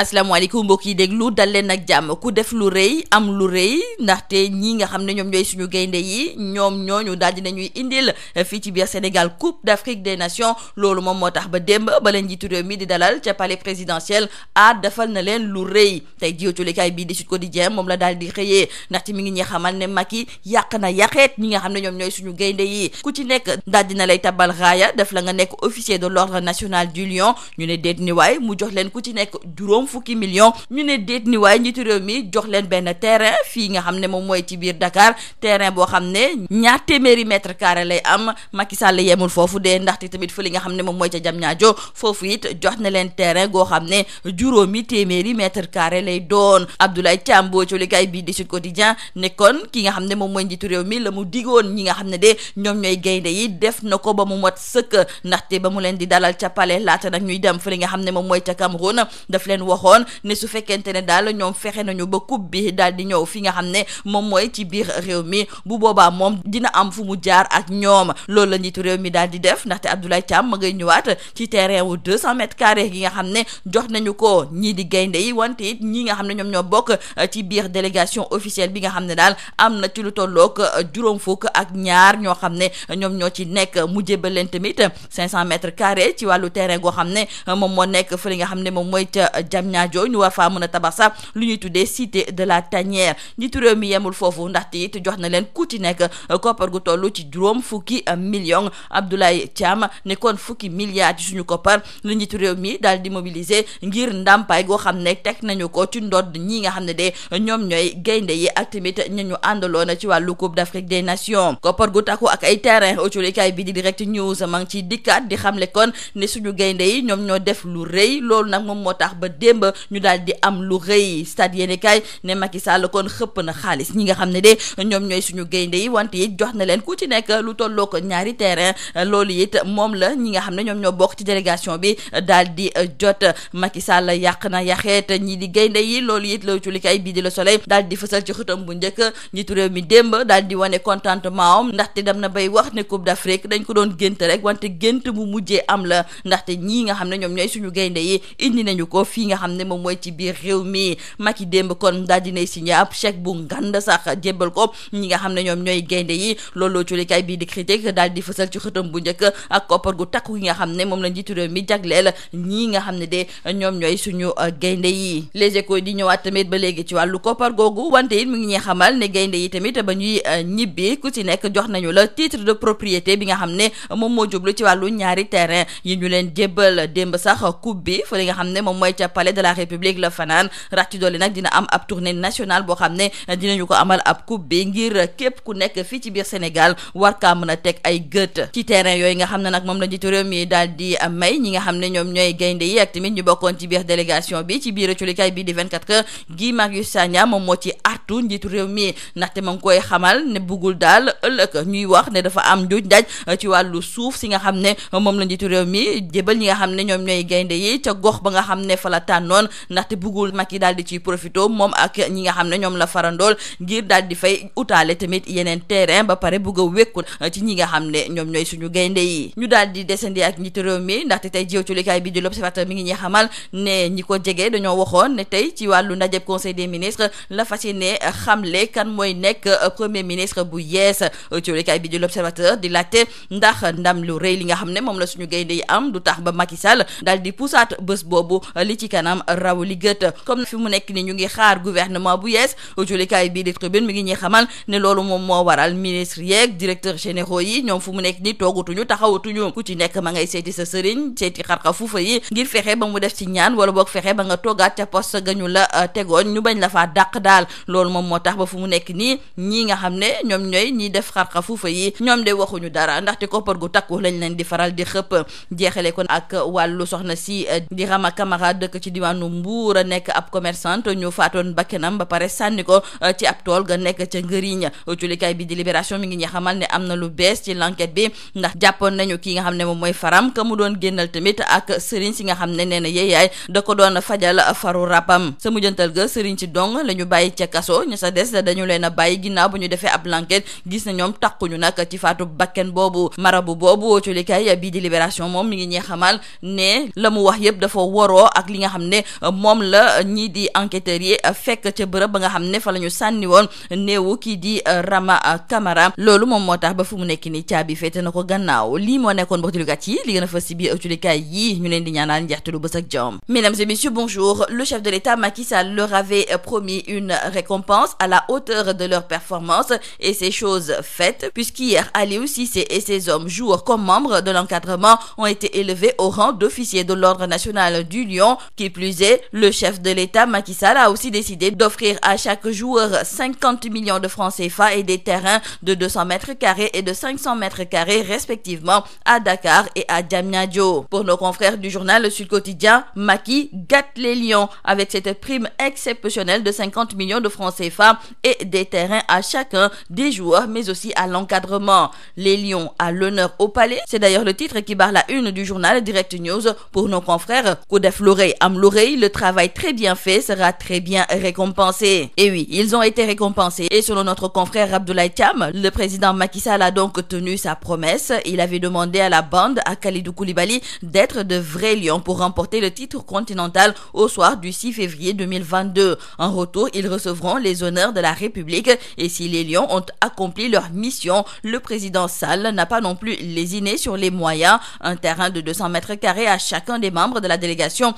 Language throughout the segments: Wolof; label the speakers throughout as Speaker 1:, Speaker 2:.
Speaker 1: asalaamaaleykum mbokk yi déglu dal leen ak jàmm ku def lu rëy am lu rëy ndaxte ñii nga xam ne ñoom ñooy suñu gaynde yi ñoom ñooñu daal dina ñuy indil fii ci biir Sénégal Coupe d'Afrique des Nations loolu moom moo tax ba démb ba leen njiitu réew mi di dalal ca palais présidentiel ah defal na leen lu rëy tey jiwatulikaay bii di Sud Quotidien moom la daal di xëyee ndaxte mi ngi ñuy xamal ne Macky yàq na yàqeet ñi nga xam ne ñoom ñooy suñu gaynde yi ku ci nekk daal dina lay tabal raaya def la nga nekk officier de l'ordre national du ñu ne déet ni waay mu jox leen ku ci nekk juróom fukki million ñu ne déet ni waaye njiitu réew mi jox leen benn terrain fii nga xam ne moom mooy ci biir Dakar terrain boo xam ne ñaar téeméeri mètre carré lay am Macky Sall yemul foofu de ndaxte tamit fële nga xam ne moom mooy ca Diamniadio foofu it jox na leen terrain goo xam ne juróomi téeméeri mètre carré lay doon Abdoulaye Thiam boo colikay bii di Sud Quotidien ne kon ki nga xam ne moom mooy njiitu réew mi la mu digoon ñi nga xam ne de ñoom ñooy gaynde yi def na ko ba mu mot sëkk ndaxte ba mu leen di dalal ca palais laata nag ñuy dem fële nga xam ne moom mooy ca Cameroun daf leen wax waxoon ne su fekkente ne daal ñoom fexe nañu ba coupe bi daal di ñëw fi nga xam ne moom mooy ci biir réew mi bu boobaa moom dina am fu mu jaar ak ñoom loolu la njiitu réew mi daal di def ndaxte Abdoulaye Thiam ma ngay ñëwaat ci terrain wu 200 mètres carrés gi nga xam ne jox nañu ko ñii di gaynde yi wante it ñi nga xam ne ñoom ñoo bokk euh, ci biir délégation officielle bi nga xam ne daal am na ci lu tolloog euh, juróom fukk ak ñaar ñoo xam ne ñoom ñoo ci nekk mu jébbal leen tamit 500 mètres carrés ci wàllu terrain goo xam ne euh, moom moom mooy ca Diamniadio ñu war faa mën a tabax sax lu ñuy tuddee cité de la tanière njiitu réew mi yemul foofu ndaxte it jox na leen ku ci nekk euh, koppar gu toll ci juróom fukki euh, million Abdoulaye Thiam nekkoon fukki milliards ci suñu koppar lu njiitu réew mi daal di mobiliser ngir ndàmpaay goo xam ne teg nañu ko ci ndodd ñi nga xam ne de ñoom ñooy gaynde yi ak tamit ñañu àndaloon ci wàllu Coupe d'Afrique des Nations koppar gu takku ak ay terrain autolikaay bi di direct news ma ci ciy dikkaat di xamle kon ne suñu gaynde yi ñoom ñoo def démb ñu daal di am lu rëy stade yéene kaay ne Macky Sall kon xëpp na xaalis ñi nga xam ne de ñoom ñooy suñu gaynde yi wante it jox na leen ku ci nekk lu tolloo ko ñaari terrain loolu it moom la ñi nga xam ne ñoom ñoo bokk ci délégation bi daal di jot Macky Sall yàq na yaxeet ñii di gaynde yi loolu it la culikaay bii di Le Soleil daal di fësal ci xëtam bu njëkk njiitu réew mi démb daal di wane contentement dem na bay wax ne Coupe d'Afrique dañ ko doon gént rek wante gént mu mujjee am la ndaxte ñii nga xam ne ñoom ñooy suñu gaynde yi indi nañu ko fii nga xam ne moom mooy ci biir réew mi Macky démb xam ne ñoom ñooy gaynde yi looloo culikaay bii di critique daal di fësal ci xëtam bu njëkk ak koppar gu takku yi nga xam ne moom la njiitu réew mi jagleel ñii nga xam ne de ñoom ñooy suñu euh, gaynde yi les échos di ñëwaat tamit ba léegi ci wàllu koppar googu wante mu ngi ñuy xamal ne gaynde yi tamit ba ñuy euh, ñibbi ku ci nekk jox nañu la titre de propriété bi nga xam ne moom moo jublu ci wàllu ñaari terrain yi ñu leen jébbal démb sax coupe bi fa li nga xam ne moom mooy ca palais palais de la république la fanaan rax ci dolli nag dina am ab tournée nationale boo xam ne dinañu ko amal ab coupe bi ngir képp ku nekk fii ci biir Sénégal war kaa mën a teg ay gët ci terrain yooyu nga xam ne nag moom la njiitu réew mi daal di may ñi nga ne ñoom ñooy gaynde yi ak tamit ñu bokkoon ci biir délégation bi ci biir culikaay bi di 24 heures Guy Marius Sagna moom moo ci artu njiitu réew mi ndaxte ma ngi koy xamal ne buggul daal ëllëg ñuy wax ne dafa am njuuj njaaj ci wàllu suuf si nga xam ne moom la njiitu réew mi jébal ñi nga xam ne ñoom ñooy gaynde yi ca gox ba nga xam ne fa la tànn tànnoon ndaxte bëggul Macky daal di ciy profito moom ak ñi nga xam ne ñoom la farandool ngir daal di fay utaale tamit yeneen terrain ba pare bëgg a wékku uh, ci ñi nga xam ne ñoom ñooy suñu gaynde yi ñu daal di descendi ak njiitu réew mi ndaxte tey jiw culikaay bi di l'observateur mi ngi ñuy xamal ne ñi ko jege dañoo waxoon ne tey ci wàllu ndajeb conseil des ministres la fas yéene xamle kan mooy nekk uh, premier ministre bu yees uh, culikaay bi di l'observateur di laajte ndax ndam lu rëy li nga xam ne moom la suñu gaynde yi am du tax ba Macky Sall daal di pusaat maanaam raw li gët comme fi mu nekk ni ñu ngi xaar gouvernement bu yees julikaay bii di tribune mi ngi ñuy xamal ne loolu moom moo waral ministre yeeg directeur généraux yi ñoom fu mu nekk ni toogatuñu taxawatuñu ku ci nekk ma ngay seeti sa sëriñ seeti xarxa fuufa yi ngir fexe ba mu def ci ñaan wala boog fexe ba nga toogaat ca poste ga ñu la uh, tegoon ñu bañ la faa dàq daal loolu moom moo tax ba fu mu nekk nii ñii nga xam ne ñoom ñooy ñiy def xarxa fuufa yi ñoom de waxuñu dara ndaxte koppar gu takku lañ leen di faral di xëpp jeexale kon ak wàllu soxna si uh, di Rama Camara dëkk ci diwaanu Mbuur a nekk ab commerçante ñu faatoon bakkanam ba pare sànni ko uh, ci ab tool ga nekk ca uh, bi di libération mi ngi ñi xamal ne am na lu bees ci l'enquête bi ndax jàppoon nañu ki nga xam ne moom mooy faram ka mu doon génnal tamit ak sëriñ si nga xam ne nee na yeeyaay da ko doon fajal faru rappam sa mujjantal ga sëriñ si dong la ñu bàyyi ca kaso ñu sa des dañu leen a bàyyi ginnaaw bu ñu defee ab l'enquête gis na ñoom takkuñu nag ci faatu bakken boobu marabu boobu julikaay bii di libération moom mi ngi ñi ne la mu wax yëpp dafa waroo ak li nga xam ne ne moom la ñii di yi fekk ca bërëb ba nga xam ne fa la ñu sànni woon néewu kii di euh, Rama Camara loolu moom moo tax ba fu mu nekk nii caabi féete na ko gannaaw lii moo nekkoon mbokk jullikat yi li gën a fës ci biir jullikay yi ñu leen di ñaanal njeextalu bës ak jom. Mesdames et messieurs, bonjour. Le chef de l'État Macky leur avait euh, promis une récompense à la hauteur de leur performance et c'est chose faite puisqu'hier Aliou Cissé et ses hommes joueurs comme membres de l'encadrement Qui plus est, le chef de l'État Macky a aussi décidé d'offrir à chaque joueur millions de francs CFA et des terrains de 200 mètres carrés et de 500 mètres carrés respectivement à Dakar et à Diamniadio. Pour nos confrères du journal Le Quotidien, Macky gâte les lions avec cette prime exceptionnelle de 50 millions de francs CFA et des terrains à chacun des joueurs mais aussi à l'encadrement. Les lions à l'honneur au palais, c'est d'ailleurs le titre qui barre la une l'oreille, le travail très bien fait sera très bien récompensé. Et oui, ils ont été récompensés. Et selon notre confrère Abdoulaye Thiam, le président Macky Sall a donc tenu sa promesse. Il avait demandé à la bande, à Khalidou Koulibaly, d'être de vrais lions pour remporter le titre continental au soir du 6 février 2022. En retour, ils recevront les honneurs de la République et si les lions ont accompli leur mission, le président Sall n'a pas non plus lésiné sur les moyens. Un terrain de 200 mètres carrés à chacun des de la délégation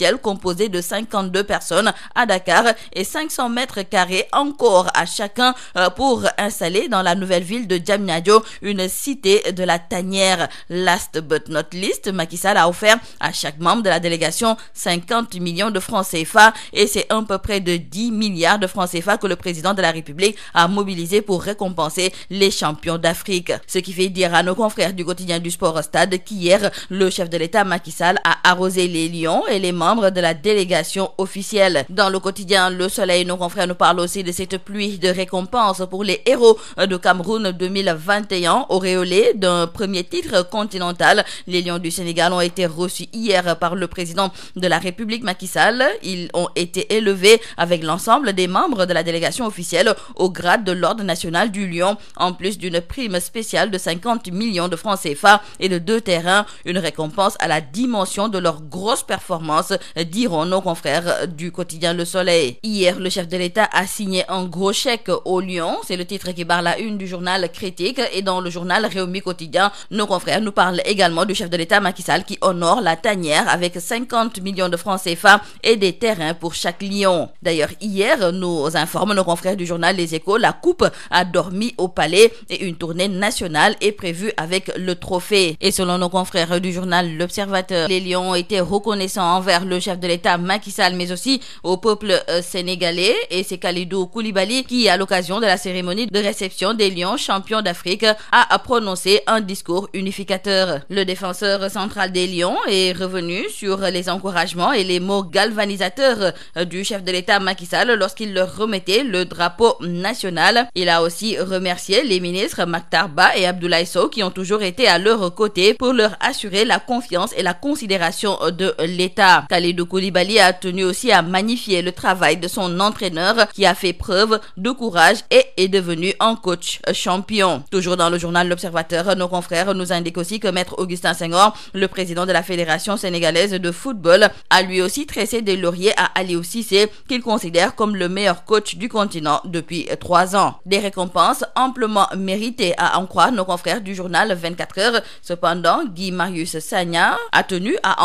Speaker 1: officiel composé de 52 personnes à Dakar et 500 mètres carrés encore à chacun euh, pour installer dans la nouvelle ville de Diamniadio une cité de la tanière. Last but not least, Macky Sall a offert à chaque membre de la délégation 50 millions de francs CFA et c'est un peu près de 10 milliards de francs CFA que le président de la République a mobilisé pour récompenser les champions d'Afrique. Ce qui fait dire à nos confrères du quotidien du sport Stade qu'hier, le chef de l'État membres de la délégation officielle. Dans le quotidien Le Soleil, nos confrères nous parlent aussi de cette pluie de récompenses pour les héros de Cameroun 2021, d'un premier titre continental. Les Lions du Sénégal ont été reçus hier par le président de la République Macky Ils ont été élevés avec l'ensemble des membres de la délégation officielle au grade de l'Ordre national du Lion, en plus d'une prime spéciale de millions de francs CFA et de de diront nos confrères du quotidien Le Soleil. Hier, le chef de l'État a signé un gros chèque au Lyon. C'est le titre qui barre la une du journal Critique et dans le journal Réumi Quotidien, nos confrères nous parlent également du chef de l'État Macky qui honore la tanière avec millions de francs CFA et des terrains pour chaque lion. D'ailleurs, hier, nous informent nos confrères du journal Les Échos, la coupe a dormi au palais et une tournée nationale le chef de l'État Macky Sall, mais aussi au peuple euh, sénégalais. Et c'est Kalidou Koulibaly qui, à l'occasion de la cérémonie de réception des Lions champions d'Afrique, a prononcé un discours unificateur. Le défenseur central des Lions est revenu sur les encouragements et les mots galvanisateurs euh, du chef de l'État Macky lorsqu'il leur remettait le drapeau national. Il a aussi remercié les ministres Maktar et Abdoulaye Sow qui ont toujours été à leur côté la confiance la considération euh, Kalidou Koulibaly a tenu aussi à magnifier le travail de son entraîneur qui a fait preuve de courage et est devenu un coach champion. Toujours dans le journal L'Observateur, nos confrères nous indiquent aussi que Maître Augustin Senghor, le président de la Fédération sénégalaise de football, a lui aussi tressé des lauriers à Aliou Cissé qu'il considère comme le meilleur coach du continent depuis trois ans. Des récompenses amplement méritées à en croire nos a tenu à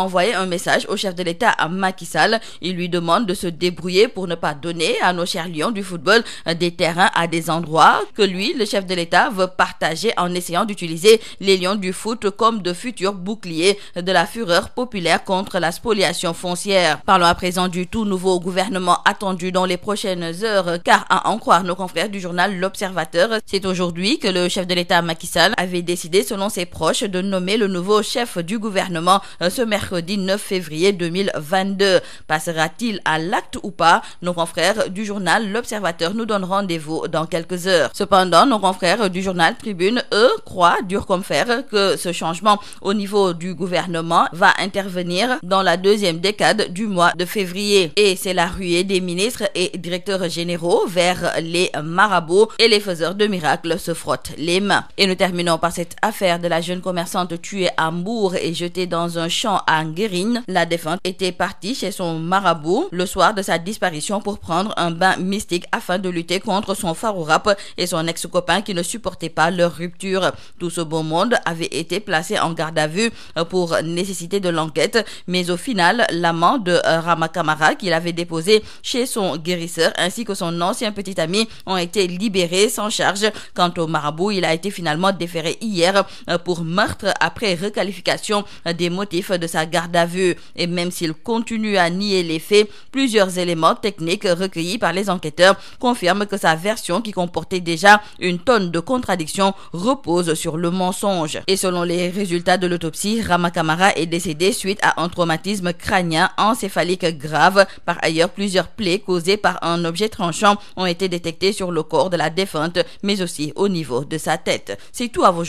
Speaker 1: l'État à Macky Sall. Il lui demande de se débrouiller pour ne pas donner à nos chers lions du football des terrains à des endroits que lui, le chef de l'État, veut partager en essayant d'utiliser les lions du foot comme de futurs boucliers de la fureur populaire contre la spoliation foncière. Parlons à présent du tout nouveau gouvernement attendu dans les prochaines heures, car à en croire nos confrères du journal L'Observateur, c'est aujourd'hui que le chef de 2022. Passera-t-il à l'acte ou pas Nos confrères du journal L'Observateur nous donnent rendez-vous dans quelques heures. Cependant, nos confrères du journal Tribune, eux, croient, dur comme fer, que ce changement au niveau du gouvernement va intervenir dans la deuxième décade du mois de février. Et c'est la ruée des ministres et directeurs généraux vers les marabouts et les faiseurs de miracles se frottent les mains. Et nous terminons par cette affaire de la jeune commerçante tuée à Mour et jetée dans un champ La défense était parti chez son marabout le soir de sa disparition pour prendre un bain mystique afin de lutter contre son phare et son ex-copain qui ne supportait pas leur rupture. Tout ce beau monde avait été placé en garde à vue euh, pour nécessité de l'enquête, mais au final, l'amant de euh, Rama Kamara qu'il avait déposé chez son guérisseur ainsi que son ancien petit ami ont été libérés sans charge. Quant au marabout, il a été finalement déféré hier euh, pour meurtre après requalification qu'il continue à nier les faits, plusieurs éléments techniques recueillis par les enquêteurs confirment que sa version, qui comportait déjà une tonne de contradictions, repose sur le mensonge. Et selon les résultats de l'autopsie, Rama Kamara est décédé suite à un traumatisme crânien encéphalique grave. Par ailleurs, plusieurs plaies causées par un objet tranchant ont été détectées sur le corps de la défunte, mais aussi au niveau de sa tête. C'est tout à vos